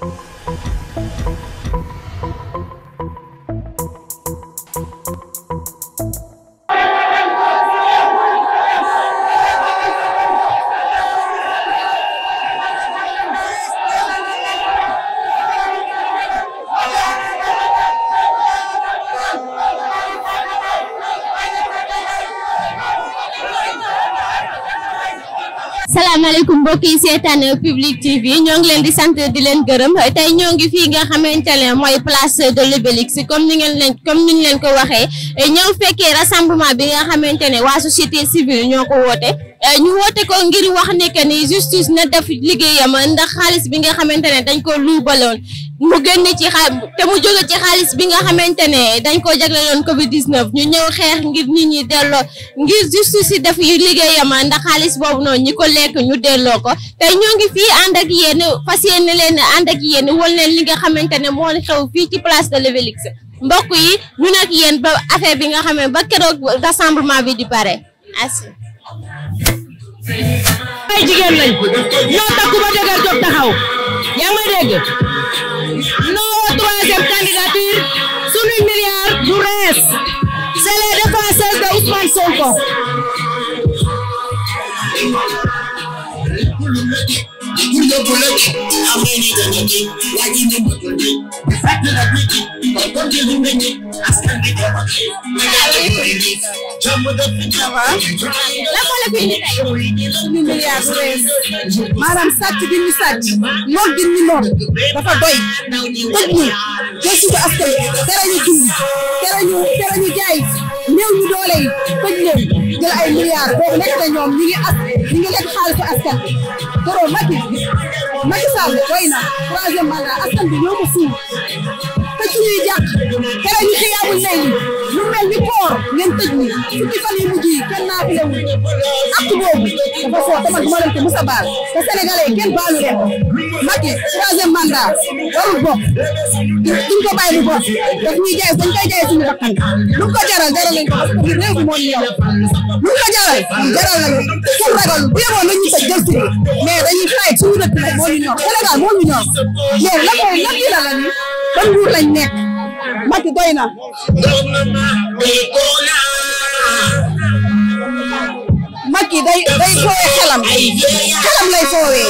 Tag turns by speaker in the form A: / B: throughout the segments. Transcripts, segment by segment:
A: Música mbokk yi seetaan Public TV ñoo ngi leen di sant di leen gërëm tey ñoo ngi fii nga xamante ne mooy place de l'Obélisque comme ni ngeen leen comme ni ñu leen ko waxee ñëw fekkee rassemblement bi nga xamante ne waa société civile ñoo ko woote. ñu woote ko ngir wax ne que ni justice na def liggéeyam ndax xaalis bi nga xamante ne dañ ko luubaloon mu génn ci xam te mu jóge ci xaliss bi nga xamante ne dañ ko jagleloon Covid 19 ñu ñew xeex ngir nit ñi delloo ngir justice ci def yu liggéeyam ndax xaliss bobu non ñi ko lekk ñu delloo ko tey ñoo ngi fi and ak yeen fas leen ak yeen wol leen li nga xamante ne moo xew fi ci place de l'Obélisque mbokk yi ñu nak yeen ba affaire bi nga xamé ba kéro rassemblement bi di paré asi ay jigen lañ ñoo takku ba dëgër jóg taxaw
B: ya ngi dégg Jokal Gatir, suñu milliard bu rees c'est les défenseurs Sonko. Thank you. ça va lan la fi indi tey suñu milliard bu rees maanaam sàcc gi
A: ñu sàcc noot gi ñu noot dafa doy ñu jël suñu askan
B: ñu doole yi tëj leen jël ay milliards boobu nekk na ñoom ñu ngi as ñu ngi lekk xaalisu askan trop Macky Macky Sall doy na troisième mandat askan bi ñoo ko
A: suuf
B: tëj suñuy jàkk kere ñu xiyaamu léegi lu mel ni koor ngeen tëj ni fukki fan yi mujj kenn naa fi lewul boobu
A: dafa foo te man duma leen ko musa baal
B: te sénégalais kenn baalu leen Macky troisième mandat warul
A: bokk duñ ko bàyyi mu bokk daf ñuy jaay dañ koy jaay suñu bakkan lu ko jaral jaral lañ ko parce que réew bi moo ñu yow
B: lu ko jaral jaral la kenn ragal bu yeboo nañ ñu tëj jël si mais dañuy fay suñu dëkk moo ñu ñor Sénégal moo ñu ñor mais lan mooy lan la la nii
A: Con rút lành nè Bắt tụi tôi nè
B: Maki dai dai ko kalam kalam lay fowe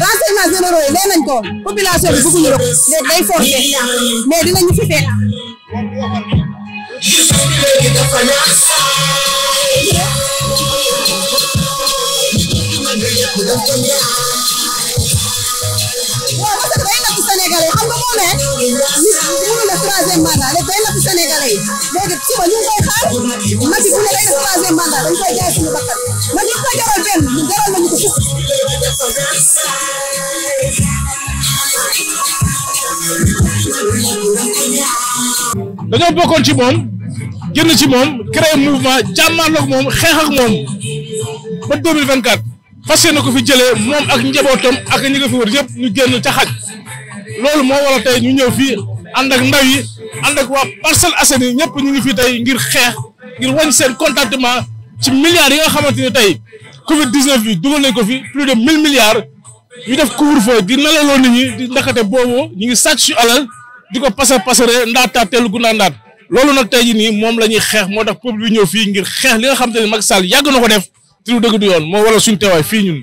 A: rasay ma zero roy lenen ko population bi đây ñu rok day forte mais dinañu fi fet Yeah. le troisième mandat def day napp Sénégalais yi léegi suba ñu
B: ngi koy ci moom génn ci moom créé mouvement jàmmaarloog moom xeex ak moom ba 2024 fas ko fi jëlee moom ak njabootam ak ñi nga fi wër yëpp ñu génn ca xaj loolu moo waral tey ñu ñëw fii ànd ak ndaw yi ànd ak waa Parcelles Assainies ñëpp ñu ngi fii tey ngir xeex ngir wañ seen contentement ci milliards yi nga xamante ni tey Covid 19 bi dugal nañ ko fi plus de 1000 milliards ñu def couvre-feu di nalaloo nit ñi di ndakate booboo ñu ngi sàcc su alal di ko pasar pasaree ndaataat teelu gu ndaandaat loolu na tey jii moom la ñuy xeex moo tax peuple bi ñëw fii ngir xeex li nga xamante ni Macky Sall yàgg na ko def ci lu dëgg yoon moo waral suñu teewaay fii ñun.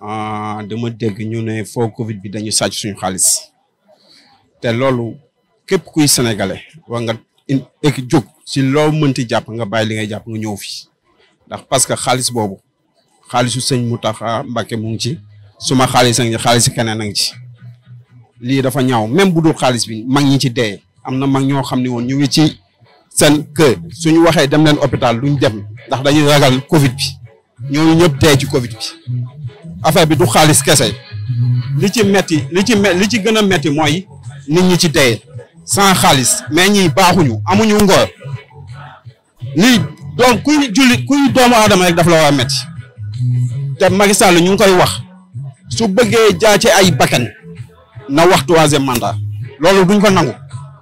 B: Ah, dama dégg ñu ne foo Covid bi dañu sàcc suñu xaalis te loolu képp kuy sénégalais war nga ek jóg si loo mënti jàpp nga bàyyi li ngay jàpp nga ñëw fi ndax parce que xaalis boobu xaalisu sëñ Mountakha Mbacké mu ngi ci suma xaalis a ngi keneen a ngi ci lii dafa ñaaw même bu xaalis bi mag ñi ci dee am na mag ñoo xam ne woon ñu ngi ci seen kër suñu waxee dem leen hôpital duñ dem ndax dañuy ragal Covid bi ñooñu ñëpp dee ci Covid bi affaire bi du xaalis kese li ci metti li ci me li ci gën a metti mooy nit ñi ci dee sans xaalis mais ñi baaxuñu amuñu ngor lii doom kuy julli kuy doomu aadama rek daf la war meti metti te Macky ñu ngi koy wax su bëggee jaa ci ay bakkan na wax troisième manta loolu duñ ko nangu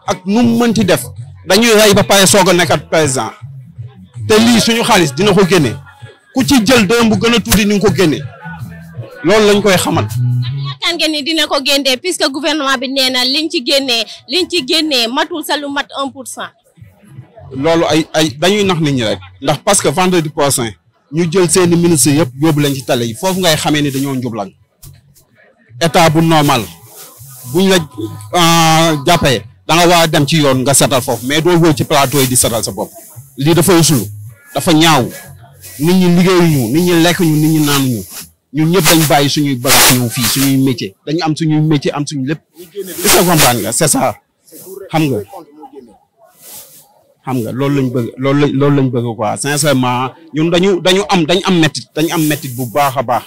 B: ak nu mu mënti def dañuy rey ba pare soog a nekkat président te lii suñu xaalis dina ko génne ku ci jël doom bu gën a tuuti ni nga ko génne loolu lañ koy xamal. yaakaar
A: ngeen ni dina ko génnee puisque gouvernement bi nee na liñ ci génnee liñ ci génnee matul sa lu mat un pour cent.
B: loolu ay ay dañuy nax nit ñi rek ndax parce que vendredi prochain ñu jël seeni ministre yëpp yóbbu lañ ci tale yi foofu ngay xamee ni dañoo njublan état bu normal buñ la euh, jàppee da nga dem ci yoon nga setal foofu mais doo wër ci plateau yi di setal sa bopp li dafa usulu dafa ñaaw nit ñi liggéeyuñu nit ñi lekkuñu nit ñi naanuñu ñun ñëpp dañ bàyyi suñuy bagaas ñëw fii suñuy métier dañu am suñuy métier am suñu lépp est-ce que comprendre nga c'est ça xam nga xam nga loolu lañ bëgg loolu loolu lañ bëgg quoi sincèrement ñun dañu dañu am dañ am mettit dañu am mettit bu baax a baax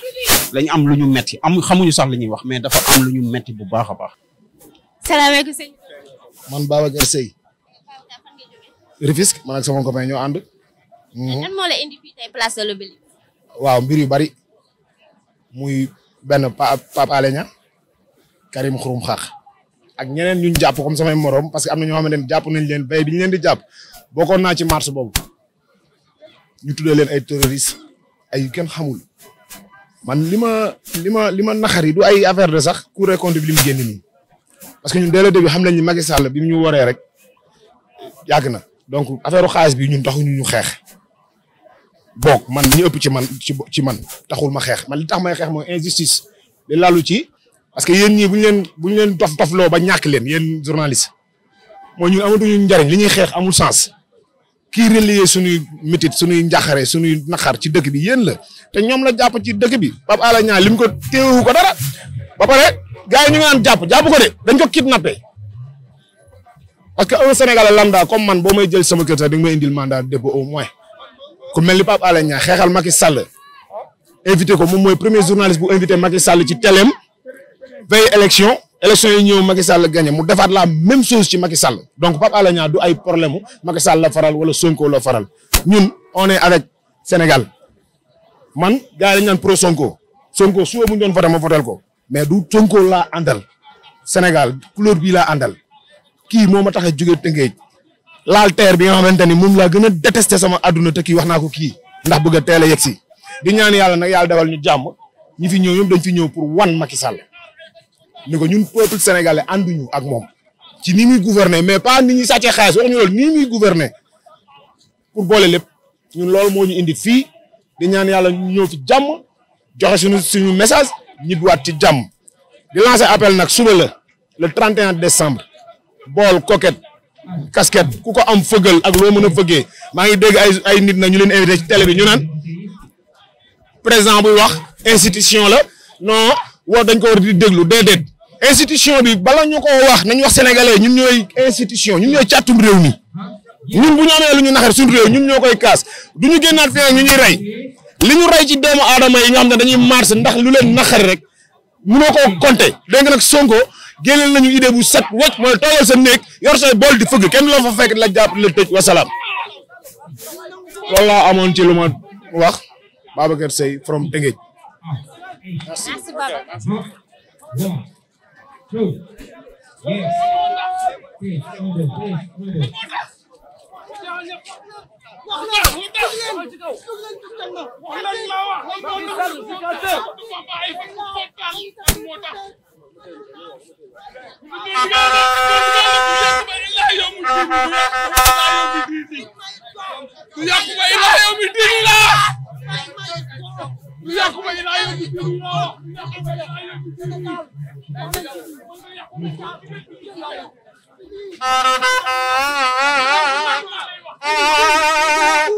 B: dañu am lu ñu metti am xamuñu sax li ñuy wax mais dafa am lu ñu metti bu baax a baax.
A: salaamaaleykum sëñ.
B: man Babacar Seye. Rufisque man ak sama waaw mbir yu bari. muy benn Pa Pape Alé Niang Karim Xurum Xax ak ñeneen ñun jàpp comme samay morom parce que am na ñoo xamante ne jàpp nañ leen bay bi ñu leen di jàpp bokkoon naa ci marche boobu ñu tuddee leen ay terroristes ay yu kenn xamul man li ma li ma li ma naxari du ay affaire de sax Cour des comptes bi li génn nii parce que ñun dès le xam nañ ni Macky Sall bi mu ñu waree rek yàgg na donc affaire xaalis bi ñun taxuñu ñu xeex. bok man ñi ëpp ci man ci man taxul ma xex man li tax may xex mo injustice li lalu ci parce que yeen ñi buñu leen buñu leen dof dof lo ba ñak leen yeen journaliste mooy ñun ñu ndariñ li ñi xex amul sens ki relier suñu metit suñu njaxare suñu naxar ci dëkk bi yeen la te ñom la japp ci dëkk bi bab ala ñaan lim ko téewu ko dara ba paré gaay ñu ngaan japp japp ko dé dañ ko kidnapper parce que un sénégalais lambda comme man bo may jël sama kër sax di may indil mandat dépôt au moins ku mel ni Pape Alé xeexal Macky Sall invité ko moom mooy premier journaliste bu invité Macky Sall ci teleem veille élection élection yi ñëw Macky Sall mu defaat la même sos ci Macky Sall donc Pape Alé du ay problème mu Macky la faral wala Sonko la faral ñun on avec Sénégal man gars yi ñaan pro Sonko Sonko suba bu ñu doon voté ma votel ko mais du Sonko la àndal Sénégal couleur bi laa àndal kii moo ma tax a jógee Tëngéej laal terre bi nga xamante ni moom laa gën a détesté sama àdduna te kii wax naa ko kii ndax bëgg a teel a yegg si di ñaan yàlla na yàlla defal ñu jàmm ñu fi ñëw ñoom dañ fi ñëw pour wan Macky Sall ni ko ñun peuple sénégalais ànduñu ak moom ci ni muy gouverner mais pas ni ñuy sàccee xaalis waxuñu loolu nii muy gouverner pour boole lépp ñun loolu moo ñu indi fii di ñaan yàlla ñu ñëw fi jàmm joxe suñu suñu message ñibbiwaat ci jàmm di lancer appel nag suba la le 31 décembre bool coquette casquette ku ko am fëgal ak loo mën a fëggee maa ngi dégg ay ay nit na ñu leen invité ci télé bi ñu naan président buy wax institution la non war dañ ko war di déglu déedéet institution bi bala ñu ko wax nañ wax sénégalais ñun ñooy institution ñun ñooy càttum réew mi ñun bu ñu amee lu ñu naxar suñu réew ñun ñoo koy kaas du ñu génnaat fi ñu ñuy rey li ñu rey ci doomu aadama yi nga xam ne dañuy marché ndax lu leen naxar rek mënoo koo compter dégg nga nag Sonko génneel nañu idée bu set wecc mooy toogal sa néeg yor say bool di fëgg kenn loo fa fekk la jàpp la tëj wasalaam loolu laa amoon ci lu ma wax Babacar Seye from Tëngéej Yakuba ila yomi dinila. Yakuba ila yomi dinila. Yakuba ila yomi dinila. Ah ah ah ah ah.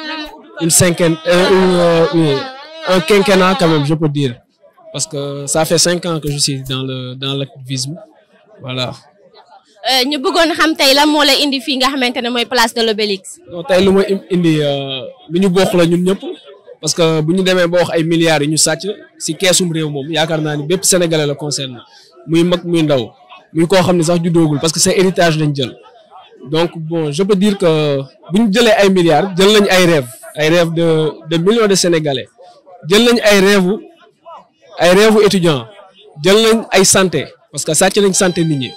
B: une cinquaine, euh, une, euh, un quinquennat quand même, je peux dire. Parce que ça fait cinq ans que je suis dans le dans l'activisme. Voilà.
A: Euh, ñu bëggoon xam tey lan moo la indi fi nga xamantene moy place de l'Obélix. non tay luma
B: ma indi euh, lu ñu bokk la ñun ñëpp parce que bu ñu demee ba wax ay milliards ñu sacc si caissum réew mom yaakaarna ni bép sénégalais la concerne muy mag muy ndaw muy ko xamni ne sax juddoogul parce que c'est héritage lañ jël donc bon je peux dire que bu ñu jëlee ay milliards jël lañ ay rêve ay rêve de de millions de sénégalais jël nañ ay rêve ay rêve étudiant jël nañ ay santé parce que sàcc nañ santé nit ñi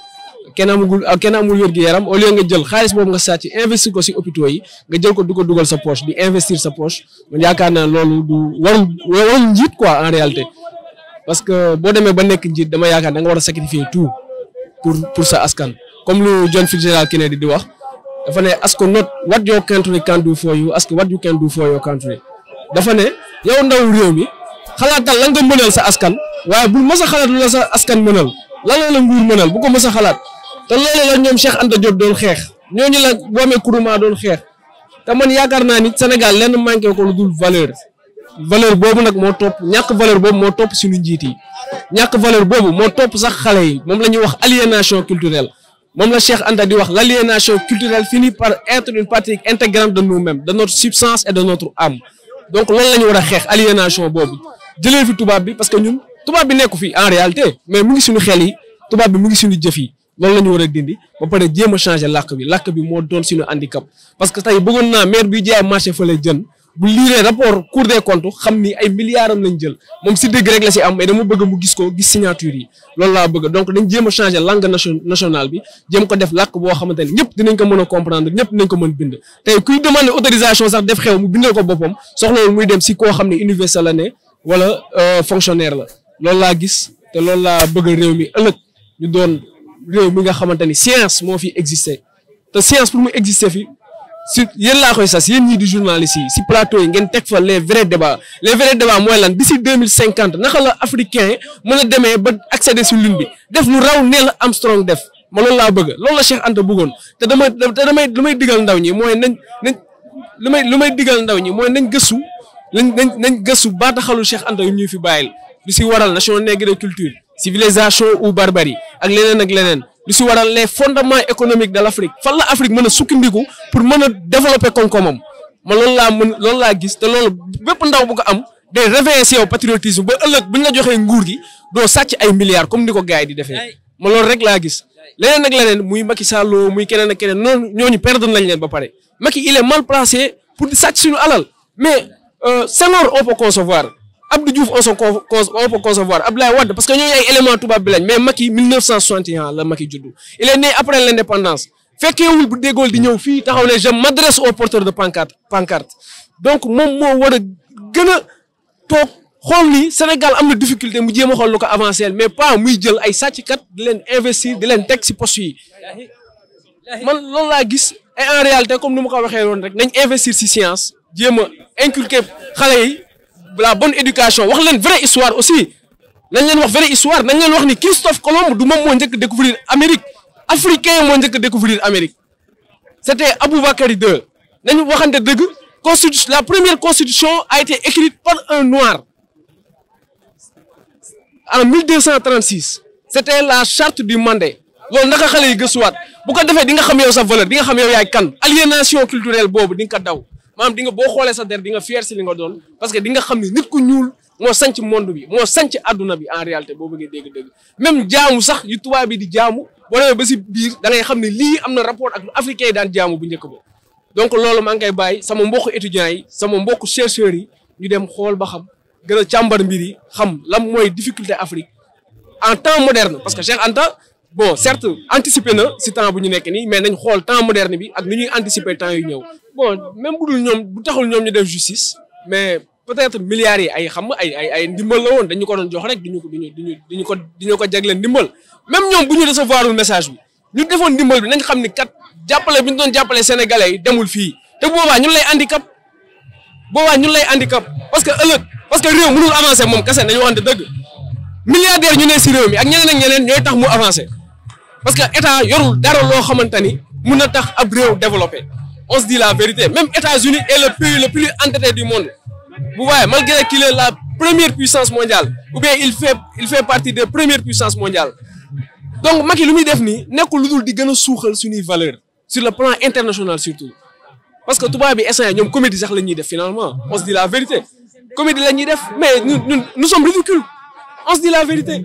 B: kenn amul kenn amul wér gi yaram au lieu nga jël xaalis boobu nga sàcc investir ko si hôpitaux yi nga jël ko du ko dugal sa poche di investir sa poche man yaakaar naa loolu du warul warul njiit quoi en réalité parce que boo demee ba nekk njiit dama yaakaar da nga war a sacrifier tout pour pour sa askan comme lu John Fitzgerald Kennedy di wax dafa ne ask not what your country can do for you ask what you can do for your country dafa ne yow ndaw réew mi xalaatal lan nga meunal sa askan waye bu mës a xalaat sa askan meunal la la nguur meunal bu ko mës a xalaat te lolé la ñom Cheikh Anta Diop doon xeex ñooñu la Wame kuruma doon xex te man yaakaar naa ni senegal lenn manqué ko lu dul valeur valeur bobu nak mo top ñak valeur bobu mo top suñu njiti ñak valeur bobu mo top sax xalé yi mom wax aliénation culturelle la Cheikh l'aliénation culturelle finit par être une pratique intégrante de nous-mêmes de notre substance et de notre âme donc loolu la a aliénation boobu jëlee fi tout bi parce que tout tubaab nous sommes fi en réalité mais mu ngi suñu xel yi bi mu ngi changer handicap parce que bu liiree rapport cour des comptes xam ni ay milliards am lañ jël mom si dëgg rek la ci am mais dama bëgg mu gis ko gis signature yi loolu laa bëgg donc dañ jéem a changer langue nationale bi jéem ko def làkk boo xamanteni ne ñëpp dinañ ko mën a comprendre ñëpp dinañ ko mën bind tey kuy demander autorisation sax def xew mu bindal ko boppam soxlawul muy dem si koo xam ne université la ne wala euh, fonctionnaire la loolu laa gis te loolu laa bëgg réew mi ëllëg ñu doon réew mi nga xamante ni science moo fi existé te science pour mu existé fi si yéen laa koy sas yéen ñii di journaliste yi si plateau yi ngeen teg fa les vrais débats les vrais débats mooy lan d'ici deux mille cinquante naka la africain mën a demee ba accéder si lune bi def lu raw nee la Armstrong def ma loolu laa bëgg loolu la Cheikh Anta bëggoon te damay te damay lu may digal ndaw ñi mooy nañ nañ lu may lu may digal ndaw ñi mooy nañ gëstu nañ nañ nañ gëstu baataxalu Cheikh Anta yi ñuy fi bàyyil lu si waral nation nègre de culture civilisation ou barbarie ak leneen ak leneen. li si waral les fondements économiques de l' Afrique fan la Afrique mën a sukkandiku pour mën a développer koom-koomam ma loolu laa mën laa gis te loolu bépp ndaw bu ko am de réveiller si yow patriotisme ba ëllëg bu ñu la joxee nguur gi doo sàcc ay milliards comme ni ko gars di defee ma loolu rek laa gis. leneen ak leneen muy Macky Sall muy keneen ak keneen noonu ñooñu perdre nañ leen ba pare Macky il est mal placé pour di sàcc suñu alal mais euh, Senghor o peut concevoir Abdou Diouf on, son, on peut concevoir Abdoulaye Wade parce que ñooñu ay élément tubaab bi lañ mais Macky 1961 la Macky juddu il est né après l'indépendance. indépendance fekkeewul bu dégol di ñëw fi taxaw ne je m'adresse aux porteurs de pancarte pancarte donc mom mo wara a tok xol ni Sénégal am na difficulté mu jéem xol xool lu ko avancé mais pas muy jël ay kat di len investir di len teg ci poste yi man lool la gis et en réalité comme nous ko waxé won rek nañ investir ci science jéem inculquer xalé yi la bonne éducation wax une vraie histoire aussi vous avez une vraie histoire Vous avez ni Christophe Colomb du découvert découvrir l'Amérique, africain a découvrir l'Amérique. c'était Abou II la première constitution a été écrite par un noir en 1236 c'était la charte du Mandé loolu naka avez yi Pourquoi? bu ko vous di nga xam yow sa valeur nga xam yow aliénation culturelle Bob, di nga maanaam di nga boo xoolee sa der di nga fier si li nga doon parce que di nga xam ne nit ku ñuul moo sanc monde bi moo sanc adduna bi en réalité boo bëggee dégg-dégg même jaamu sax yu tubaab bi di jaamu boo demee ba si biir da xam ne lii am na rapport ak lu daan jaamu bu njëkk ba donc loolu maa ngi koy bàyyi sama mbokku étudiants yi sama mbokku chercheurs yi ñu dem xool ba xam gën a càmbar mbir yi xam lan mooy difficulté Afrique en temps moderne parce que Cheikh Anta bon certes anticiper na si temps bu ñu nekk nii mais nañ xool temps moderne bi ak ni ñuy anticiper temps yu ñëw bon même bu dul ñoom bu taxul ñoom ñu def justice mais peut-être milliards yi ay xam ay ay ay ndimbal la woon dañu ko doon jox rek diñu ko diñu diñu diñu ko diñu ko jagleel ndimbal même ñoom bu ñu recevoirul message bi ñu defoon ndimbal bi nañ xam ni kat jàppale bi ñu doon jàppale sénégalais yi demul fii te boobaa ñun lay handicap boobaa ñun lay handicap parce que ëllëg parce que réew mënul avancer moom kese nañu waxante dëgg milliardaire ñu ne si ñeneen ñooy tax mu avancer parce que état yorul dara loo xamante ni tax ab développé on se dit la vérité même États-Unis est le pays le plus endetté du monde vous voyez malgré qu'il est la première puissance mondiale ou bien il fait il fait partie des premières puissances mondiales donc Macky lu muy def nii nekkul lu di gën a suuxal valeur sur le plan international surtout parce que tubaab bi essayé ñoom comédie sax la def finalement on se dit la vérité comédie la def mais nous nous sommes ridicules on se dit la vérité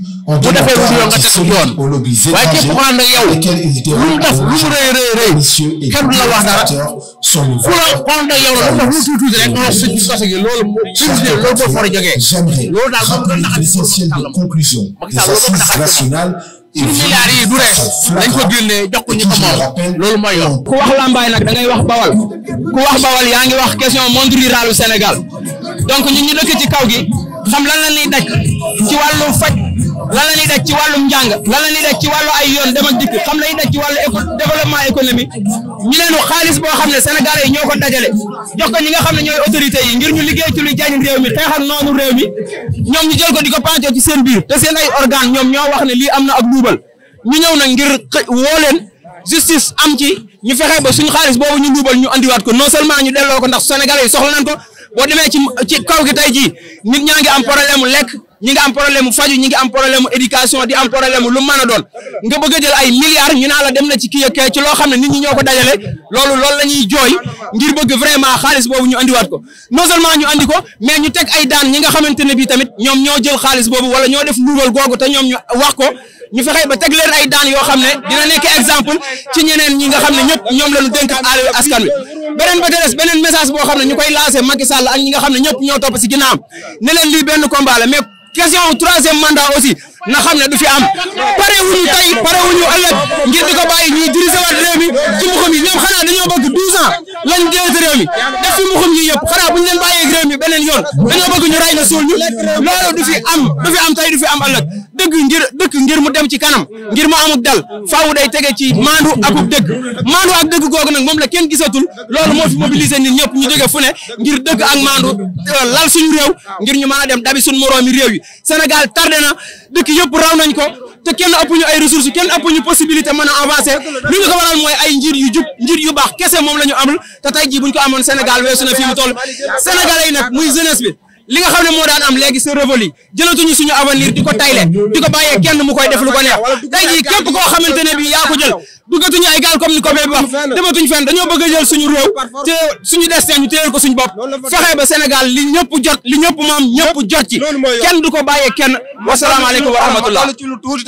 A: bu defee lu yoon nga teg ko yoon waaye ku ànd ak lu mu def lu mu rëy
B: rëy rëy la wax dara ku la ku ànd ak yow mu def lu rek nga wax si sas gi loolu boo for a jógee loolu daal moom doon naxati loolu une milliard yi ko génnee jox ko ñu loolu mooy yoon. ku wax lambaay nag da ngay wax bawal ku wax bawal yaa ngi question monde rural u Sénégal donc ñun ci kaw gi xam la ñuy daj ci wàllu faj. lan la ñuy daj ci wàllum njàng lan la ñuy ay yoon dem ak dikk xam la ñuy daj ci wàllu développement ñu leen xaalis boo xam ne sénégalais yi ñoo ko dajale jox ko ñi nga xam ne ñooy autorité yi ngir ñu liggéey ci luy jariñ réew mi xeex noonu réew mi ñoom ñu jël ko di ko ci seen biir te seen ay organe ñoom ñoo wax ne lii am na ak duubal ñu ñëw nag ngir woo leen justice am ci ñu fexe ba suñu xaalis boobu ñu duubal ñu andiwaat ko non seulement ñu delloo ko ndax sénégalais yi soxla nañ ko boo demee ci ci kaw gi tey jii nit ñaa ngi am problème mu lekk ñi ngi am problème mu faju ñi ngi am problème mu éducation di am problème lu mën a doon nga bëgg a ay milliards ñu naa la dem na ci kii ak ci loo xam ne ni ñi ñoo ko dajale loolu loolu la ñuy jooy ngir bëgg vraiment xaalis boobu ñu andiwaat ko non seulement ñu andi ko mais ñu teg ay daan ñi nga xamante ne bii tamit ñoom ñoo jël xaalis boobu wala ñoo def luubal googu te ñoom ñu wax ko ñu fexe ba teg leen ay daan yoo xam ne dina nekk exemple ci ñeneen ñi nga xam ne ñëpp ñoom la ñu dénk askan wi beneen ba des beneen message boo xam ne ñu koy lancé Macky Sall ak ñi nga xam ne ñëpp ñoo topp si ginnaawam ne leen lii benn combat la mais question troisième mandat aussi na xam ne du fi am pare ñu tey pare wuñu ëllëg ngir di ko bàyyi ñuy dirigé waat réew mi ci muxum yi ñoom xanaa dañoo bëgg 12 ans lañ dirigé muxum yi yëpp xanaa buñu leen bàyyee ak réew beneen yoon dañoo bëgg ñu ray na suul ñu loolu du fi am du am tey du fi am ëllëg dëgg ngir dëkk ngir mu dem ci kanam ngir mu amuk dal faawu day tege ci maandu akub dëgg maandu ak dëgg googu nag moom la kenn gisatul loolu moo fi mobiliser nit ñëpp ñu jóge fu ne ngir dëgg ak maandu lal suñu réew ngir ñu mën a dem dabi suñu moroomi réew yi Sénégal tardé na yëpp raw nañ ko te kenn ëppuñu ay ressources kenn ëppuñu possibilité mën a avancer li ñu ko mooy ay njir yu jub njir yu baax kese moom la ñu amul te tey jii buñ ko amoon Sénégal weesu na fi mu toll Sénégalais yi nag muy jeunesse bi li nga xam ne moo daan am léegi c'est révolu jëlatuñu suñu avenir di ko tayle di ko bàyyee kenn mu koy def lu ko neex tey jii képp koo xamante ne bii yaa ko jël duggatuñu ay gaal comme ni ko bee bi wax dematuñu fenn dañoo bëgg a jël suñu réew te suñu destin ñu téyel ko suñu bopp fexe ba Sénégal li ñëpp jot li ñëpp moom ñëpp jot ci du ko bàyyee ken wasalaamaaleykum wa rahmatullah ma dool ci lu tuuti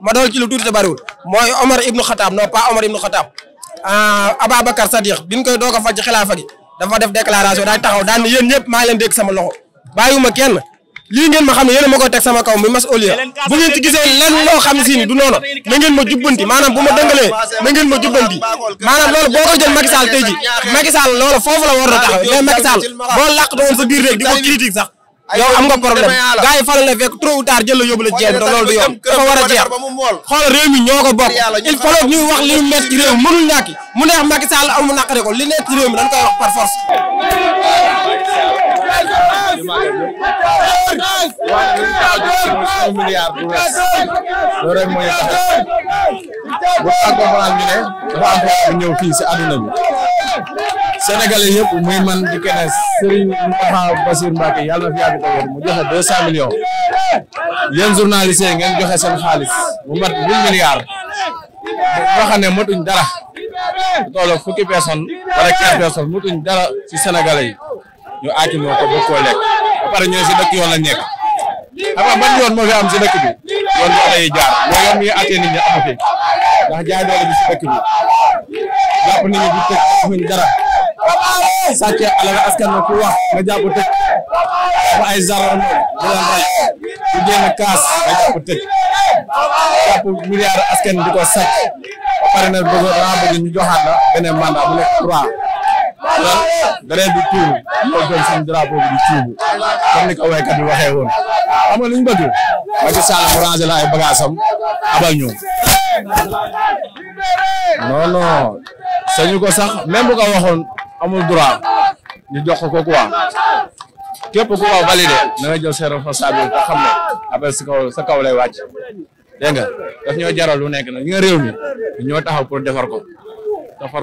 B: ma dool ci lu tuuti te bariwul mooy Omar ibnu Xataab non pas Omar ibnu Xataab ah, Ababacar Sadiq biñ koy doog a faj xilaafa gi dafa def déclaration daal taxaw daal ne yéen ñëpp maa ngi leen dégg sama loxo bàyyiwuma kenn lii ngeen ma xam ne yéen ma koy teg sama kaw mi mas aulia bu ngeen ci gisee loo xam si ni du ma jubbanti maanaam bu ma dëngalee na ngeen ma jubbanti maanaam loolu boo ko jël Macky Sall tey ji Macky Sall loolu foofu la war a taxaw mais boo làqatu woon sa biir rek di ko critique sax yow am nga problème gars yi faral la fekk trop ou jël la yóbbu la jéem te loolu du yoon dafa war a jeex xoolal réew mi ñoo ko bokk il faut ñuy wax li ñu métti ci réew mënul ñàkk mu neex Macky Sall amu naqare ko li nekk ci mi dañ koy wax par force. un milliard bu wees loolu rek mooy taxaw bu accompagnant ñu ne dafa am bu ñëw fii di keneen Serigne Moustapha Bassirou Mbacké yàlla na fi yàgg tawér mu joxe deux cent millions yéen journalistes yi ngeen joxe seen xaalis mu mat mille milliards boo xam ne motuñ dara tolloo fukki personne si sénégalais yi ñu aati moo ko bëgg koo lekk ba pare si dëkk yoon la nekk xam nga ban yoon moo fi am si dëkk bi yoon bi oto yi jaar mais yoon bi nga aatee nit ñi amu fi ndax jaay doole bi si dëkk bi jàpp nañu bi tëj askan na wax nga jàpp tëj
A: ba
B: ay askan di ko sàcc ba pare na bëgg ñu joxaat la beneen mandat bu nekk deret di tuuru moo gën suñu drapeau bi di tuuru comme ni ko waykat bi waxee woon xam ñu ko sax même bu ko amul droit ñu jox ko ko quoi képp ku ko validé na nga jël ses responsabilités xam ne après kaw lay wàcc nga daf ñoo jaral lu nekk nag ñu mi ñoo taxaw pour defar ko te far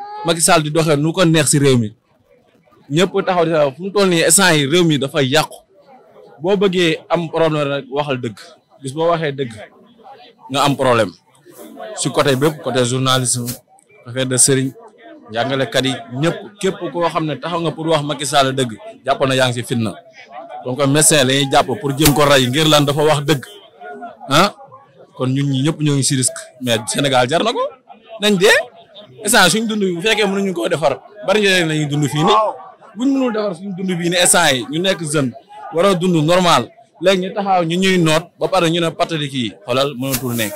B: Macky Sall di doxee nu ko neex si réew mi ñëpp taxaw di fu mu toll nii instant yi réew mi dafa yàqu boo bëggee am problème rek waxal dëgg bis boo waxee dëgg nga am problème si côté bépp côté journalisme affaire de sëriñ jàngalekat yi ñëpp képp koo xam ne taxaw nga pour wax Macky Sall dëgg jàpp na yaa ngi si fitna donc médecin la ñuy jàpp pour jëm ko ray ngir laan dafa wax dëgg ah kon ñun ñu ñëpp ñoo ngi si risque mais Sénégal jar nañ dee instant suñ dund bi bu fekkee mënuñu koo defar bari njëriñ lañuy dund fii ni buñ mënul defar suñ dund bii ni instant yi ñu nekk jeune war a dund normal léegi ñu taxaw ñu ñuy noot ba pare ñu ne patali kii xoolal mënatul nekk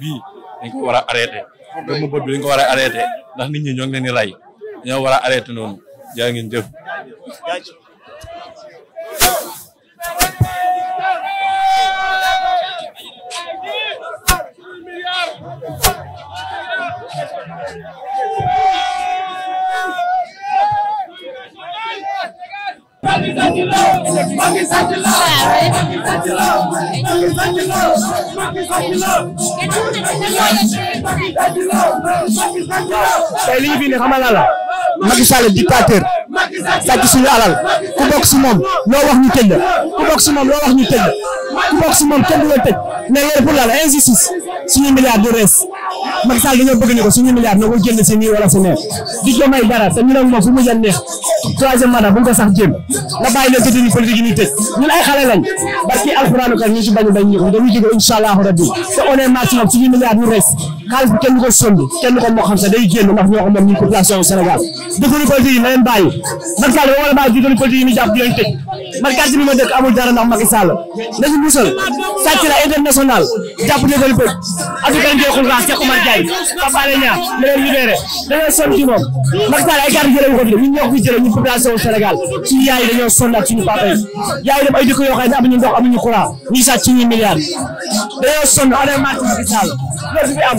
B: bii dañ ko war a arrêté doomu bët bi dañ ko war a arrêté ndax nit ñi ñoo ngi leen di rey ñoo war a arrêté noonu ngeen jëf tey li ñu fi ne xamal la la Macky Sall dictateur sàcc suñu loo wax ñu tëj la ku bokk si moom loo wax ñu tëj la ku bokk si moom kenn du la tëj mais de rees Macky Sall dañoo bëgg ni ko suñu milliard na ko jënd si nii wala si nee di ko dara te ñu ne moom fu mu jënd neex troisième mandat bu ko sax jéem nga bàyyi leen tëdd ni politique yi ay xale lañ barki alxuraanu kan ñu ci bañ a bañ ñu ko dañuy jóge incha allahu rabbi te on est maximum suñu milliard ñu res xaalis bi kenn du ko sond kenn du ko moo xam sax day génn ndax ñoo ko moom ñu population Sénégal dëkkalu politique yi na leen bàyyi Macky Sall ba war a bàyyi dëkkalu politique yi ñu jàpp di leen tëj man quartier bi ma dëkk amul dara ndax Macky Sall na si musal sàcc la international jàpp dëkkalu politique Abdou Karim Gueye Khouka Cheikh Omar Diagne Papa Alé Niang na leen libéré dañoo sonn ci moom Macky Sall ay quartier jëlee ko fi ñun ñoo ko fi jëlee ñu population Sénégal suñu yaay yi dañoo sonn ak suñu papa yi yaay yi dem ay dëkk yoo xam ne amuñu ndox amuñu courant ñuy sàcc suñuy milliards dañoo sonn adama Macky Sall loolu fi am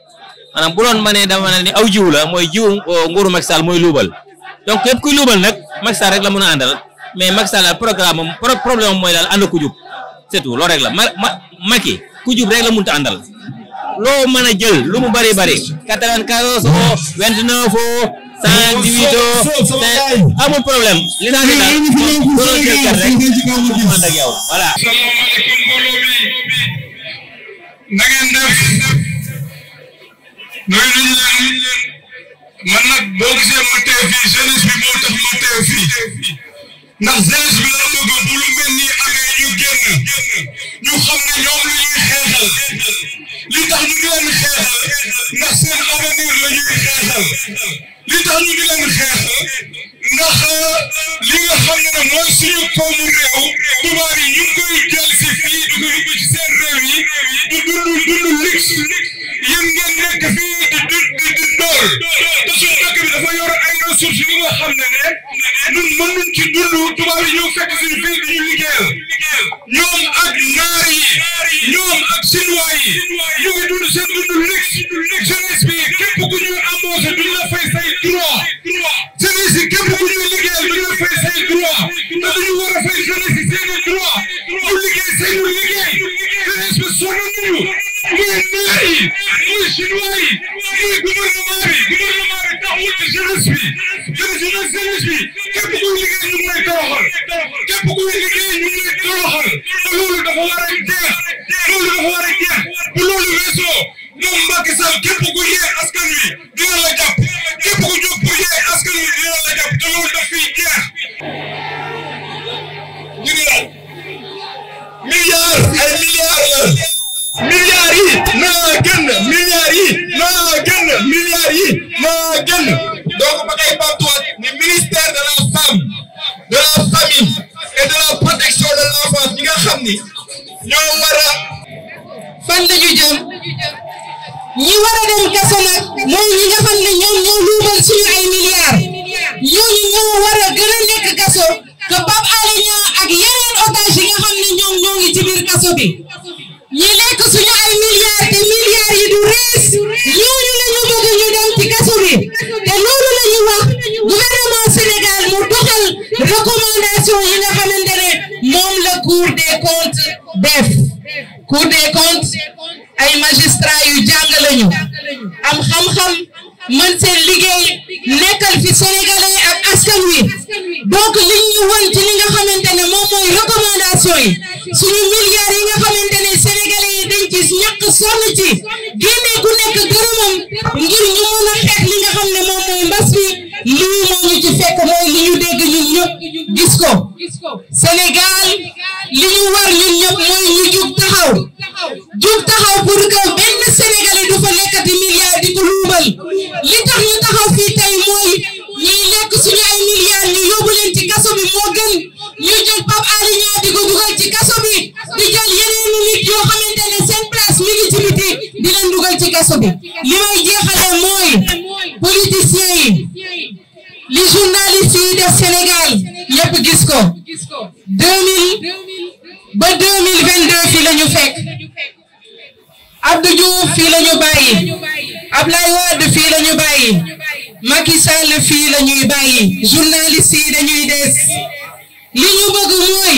B: manam bu doon mané dama ni aw jiw la moy jiw nguuru Macky Sall moy lubal donc kep kuy lubal nak maxal rek la mëna andal mais maxal Sall programme problème moy dal andou ku c'est tout lo rek la maki ku jub rek la mënta andal lo mëna jël lu mu bari bari 94 29 o 118 problème li tax ni voilà def nuyu nañ leen man nag boo gisee ma tee fii jeunesse bi moo tax ma tee fii ndax jeunesse bi la bëgg bu lu mel nii amee ñu génn ñu xam ne ñoom la ñuy xeexal li tax ñu di leen xeexal ndax seen avenir la ñuy xeexal li tax ñu di leen xeexal ndax li nga xam ne ne mooy suñu koomu réew tubaab yi ñu koy jël si fii di ko yóbbu ci seen réew yi di dund dund luxe tubaab yi not fekk suñu fii di ñu liggéeyal ñoom ak naar yi ñoom ak chinois yi bi ñoo war a fan la ñu ñi war a dem ñi nga xam ne ñoom ñoo luubal suñu ay milliards ñooñu ñoo war a gën a ci biir kaso ñi lekk suñu ay milliards te milliards yi du rees ñooñu la ñu bëgg ñu dem ci kaso bi te loolu la ñu wax gouvernement Sénégal mu doxal recommandation yi nga xamante cour des comptes def cour des comptes ay magistrats yu jàng lañu am xam-xam man
A: seen liggéey nekkal fi sénégalais ak askan wi donc liñ ñu won ci li nga xamante ne moom mooy recommandation yi suñu milliards yi nga xamante ne sénégalais
B: yi dañ ci ñàkk sonn génne ku nekk gërëmam ngir ñu mën a xeex li nga xam लीग लीग से कमोई लीग देख लीग जिसको Senegal league वर लीग मोई लीग जुगता हाउ जुगता हाउ पूरी का बेन सेनेगाल डू फले का दी मिलिया दी कुलूबल लिटा लिटा हाउ की ताई मोई लीग को सुनिया मिलिया लीग बुलें चिका सो भी मोगन लीग जल पाप आली ना दी को दुगल चिका सो भी दी जल ये ने मिलिया जो हमें तेरे सेंट प्लस मिलिया चिमिटी दिलन दुगल चिका सो भी लीग ये li journaliste yi def Sénégal ñëpp gis ko
A: ba deux mille vingt deux la ñu fekk Abdou Diouf fii la ñu bàyyi Ablaye Wade fii la ñu bàyyi
B: Macky Sall fii la ñuy bàyyi journaliste yi des li ñu bëgg mooy.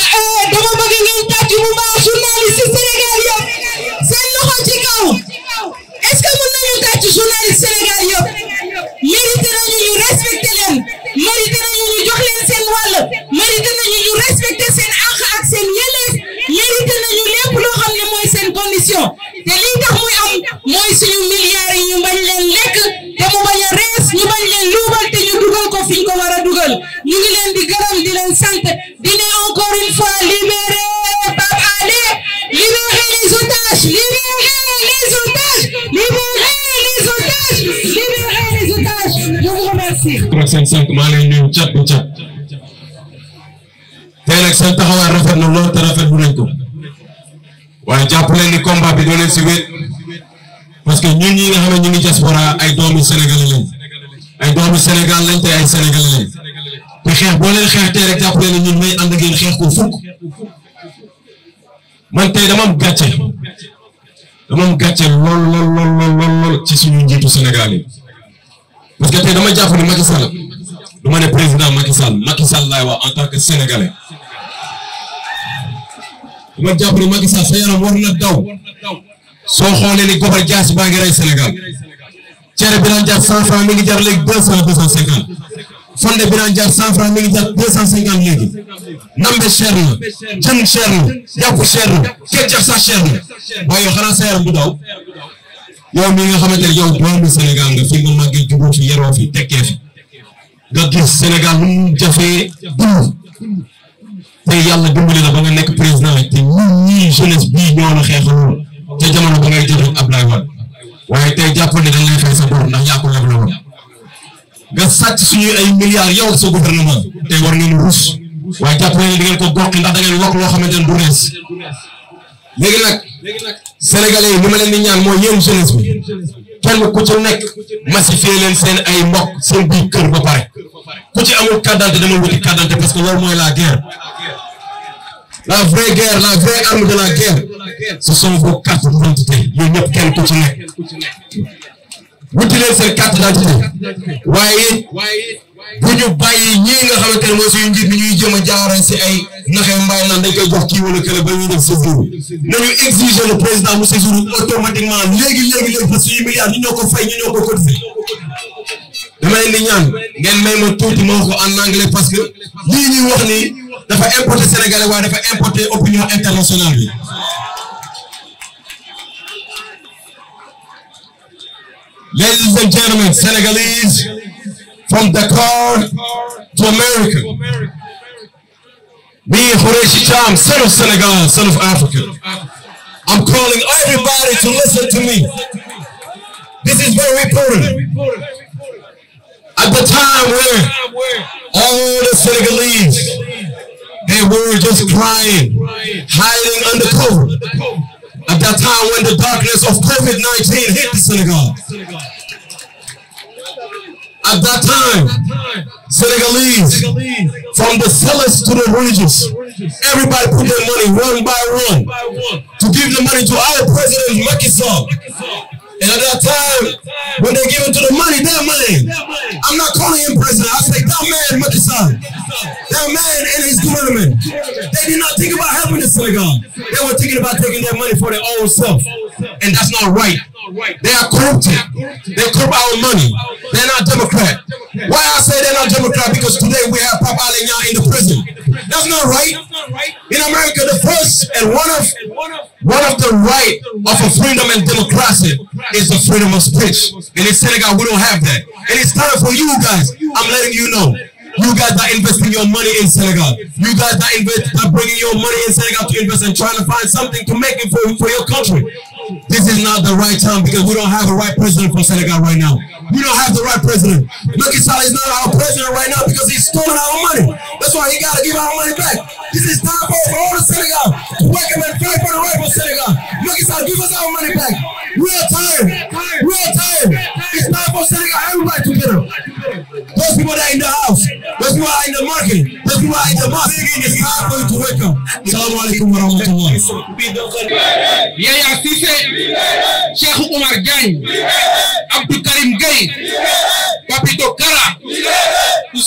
B: dama bëgg ngeen tàcc bu baax journaliste Sénégal yëpp seen loxo ci kaw est-ce que mën nañu tàcc journaliste Sénégal yëpp seen sànq jàpp ni combat parce que ñun ñu ngi diaspora ay doomu te ko fukk man tey dama am ci suñu njiitu Sénégal yi parce que tey dama jàpp ni Macky duma ne président Macky Sall Macky Sall laay wax en tant que sénégalais duma jàpp ne Macky Sall sa yaram war na daw soo xoolee ni Gobar Dias baa ngi rey Sénégal cere Birane Dias cent franc mi ngi jar léegi deux cent deux cent cinquante fonde Birane Dias cent franc mi ngi jar deux cent cinquante léegi nambe cher na jën cher na yàpp cher na kecax sax cher na waaye yow xanaa sa yaram bu daw yow mi nga xamante ne yow doomu Sénégal nga fi nga màggee jubóo fi yaroo fi tekkee fi nga gis Sénégal nu mu jafee dund te yàlla dimbali la ba nga nekk président te ñun ñii jeunesse bii ñoo la xeexaloon te jamono ba ngay jël Abdoulaye Wade waaye tey jàpp ne dañ lay fay sa bor ndax yaa nga sàcc suñuy ay milliards yow sa gouvernement tey war ngeen ruus waaye jàpp ne di ngeen ko gox ndax da ngeen yokk loo xamante du rees léegi nag sénégalais li ma leen di mooy yéen jeunesse bi. kenn ku ci nekk massifier leen seen ay mbokk seen biir kër ba ku ci amul carte d'identité dama wuti carte d'identité parce que loolu mooy la guerre la vraie guerre la vraie arme de la guerre ce sont vos cartes d'identité yooyu ñëpp kenn ku ci nekk wuti leen seen carte d'identité waaye bu ñu bàyyi ñii nga xamante ne mooy suñu njiit ni ñuy jëm a jaarañ si ay naxee mbaay naan dañ koy jox kii wala kële ba ñuy def séjour nañu exiger le président mu séjour automatiquement léegi léegi léegi parce que suñu milliards ñu ñoo ko fay ñu ngeen may ma tuuti ma wax ko en anglais parce que lii wax nii dafa importé sénégalais waaye dafa importé opinion internationale bi ladies and gentlemen from Dakar to America. Me, Horeshi Cham, son of Senegal, son of Africa. I'm calling everybody to listen to me. This is very important. At the time where all the Senegalese, they were just crying, hiding under cover. At that time when the darkness of COVID-19 hit the Senegal, at that time, Senegalese, from the sellers to the religious, everybody put their money one by one to give the money to our president, Macky Sall. And at that time, when they give it to the money, their money, I'm not calling him president. I say, that man, Macky Sall,
A: that man and his government, they did not think about helping the
B: Senegal. They were thinking about taking their money for their own self.
A: And that's not right. They
B: are corrupted. They corrupt our money. They're not Democrat.
A: Why I say they're not
B: Democrat? Because today we have Papa Alenya in the prison. That's not right. In America, the first and one of one of the right of a freedom and democracy is the freedom of speech. And in Senegal, we don't have that. And it's time for you guys. I'm letting you know. You guys are investing your money in Senegal. You guys are, invest, are bringing your money in Senegal to invest and trying to find something to make it for, for your country this is not the right time because we don't have a right president from Senegal right now. We don't have the right president. Lucky Sally is not our president right now because he's stolen our money. That's why he got to give our money back. This is time for all the Senegal to wake up and fight for the right of Senegal. at Sally, give us our money back. We are tired. We are tired. It's time for Senegal everybody together.
A: Those
B: people that are in the house, those people that are in the market, those people that are in the mosque, it's time for you to wake up. Assalamu alaikum wa rahmatullah. Yaya Sise, Sheikh Umar Gang.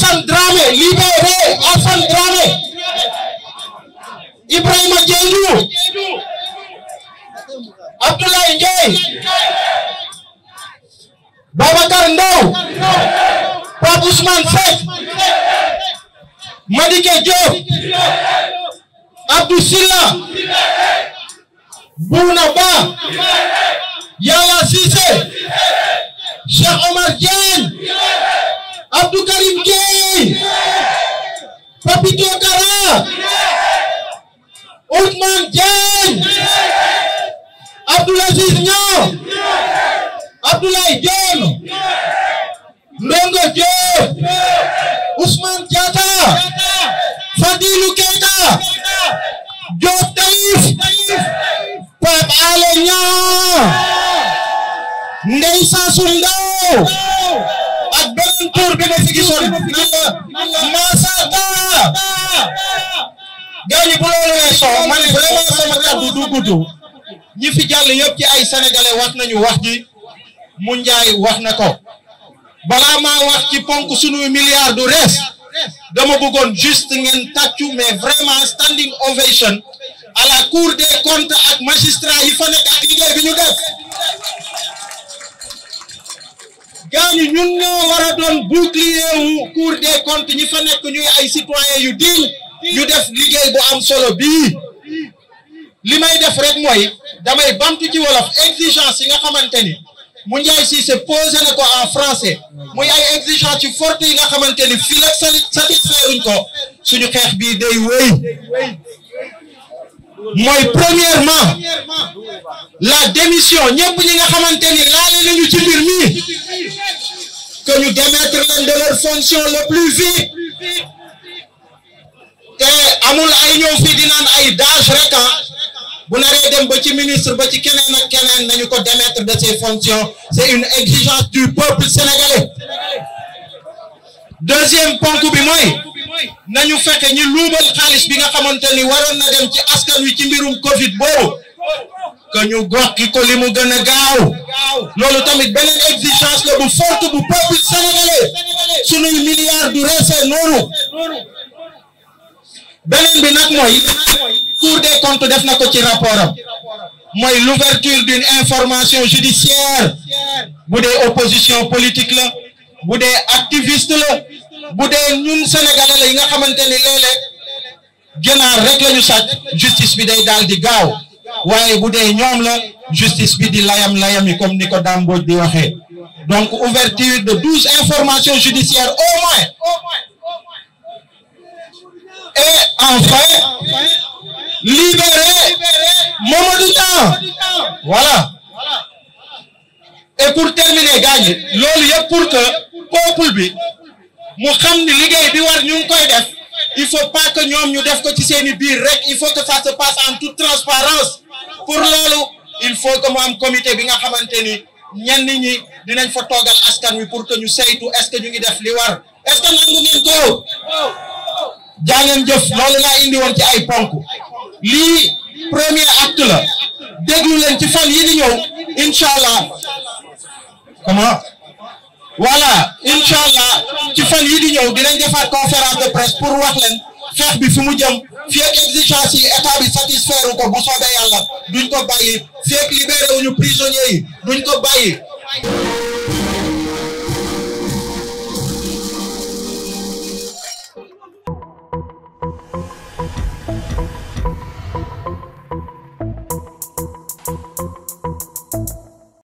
B: Hassan Dramé libéré Hassan Dramé Ibrahima Diédhiou Abdoulaye Ndiaye Babacar Ndao Pape Ousmane Seck Madické Diop Abdou Silla Bouna Ba Yaya Cissé Cheikh Omar Diagne Abdul Karim Gueye Papito Kara Ousmane Diagne Abdul Aziz Niang Abdoulaye Dione Ndongo Diop Usman Diatta Fadilu Keita Diop Taïf Pape Alé Niang Ndeye même tour bi nga fi gisoon masata gaañu bu loolu weesoo man vraiment sama kàddu du gudd ñi fi jàll yëpp ci ay sénégalais wax nañu wax ji mu njaay wax na ko balaa maa wax du rees dama bëggoon juste ngeen tàccu mais vraiment standing ovation a la cour des comptes ak magistrat yi fa nekk ak liggéey bi ñu def gaañu ñun ñoo war a doon bouclier wu cour des ñi fa nekk ñuy ay citoyen yu diin ñu def liggéey bu am solo bii li may def rek mooy damay bamtu ci wolof exigence yi nga xamante ni mu njaay si se posé na ko en français muy ay exigence yu forte yi nga xamante ni fii la satisfairuñ ko suñu xeex bii day wéy mooy premièrement la démission ñepp ñi nga xamante ni laale nañu ci bir mi que ñu démettre leen de leur fonction le plus vite te amul ay ñëw fi di naan ay daaj rek ah bu naree dem ba ci ministre ba ci keneen ak keneen nañu ko démettre de ses fonctions c'est une exigence du peuple sénégalais deuxième point bi moy nañu fexe ñi loubal xaliss bi nga xamanteni ni na dem ci askan wi ci mbirum Covid boobu. que ñu gox ko li mu gën a gaaw loolu tamit beneen exigence la bu forte bu peuple sénégalais sunuy milliards du reese noonu beneen bi nag mooy Cour des comptes def na ko ci rapport am mooy l'ouverture d'une information judiciaire bu dee opposition politique la bu dee activiste la bu dee ñun sénégalais la yi nga xamante ni léeg-léeg gànnaar rek ñu sàcc justice bi day daal di gaaw. waye bu ñom la justice bi di layam layam comme ni dambo di waxé donc ouverture de douze informations judiciaires au moins et enfin libérer Mamadou Niang voilà et pour terminer gagne, lolu yëpp pour que peuple bi mu xam ni liggéey bi war ñu koy def il faut pas que ñoom ñu def ko ci seeni biir rek il faut que ça se passe en toute transparence pour loolu il faut que mu comité bi nga xamante ni ñenn ñi dinañ fa toogal askan wi pour que ñu saytu est-ce que ñu ngi def li war est-ce que nangu ngeen ko jaa ngeen jëf loolu laa indi woon ci ay ponk li premier acte la déglu leen ci fan yi di ñëw allah voilà incha allah ci fan yi di ñëw dinañ defaat conférence de presse pour wax leen xeex bi fi mu jëm fii ak exigence yi état bi satisfaire ko bu soobee yàlla duñ ko bàyyi fii ak libéré wuñu prisonniers yi duñ ko bàyyi.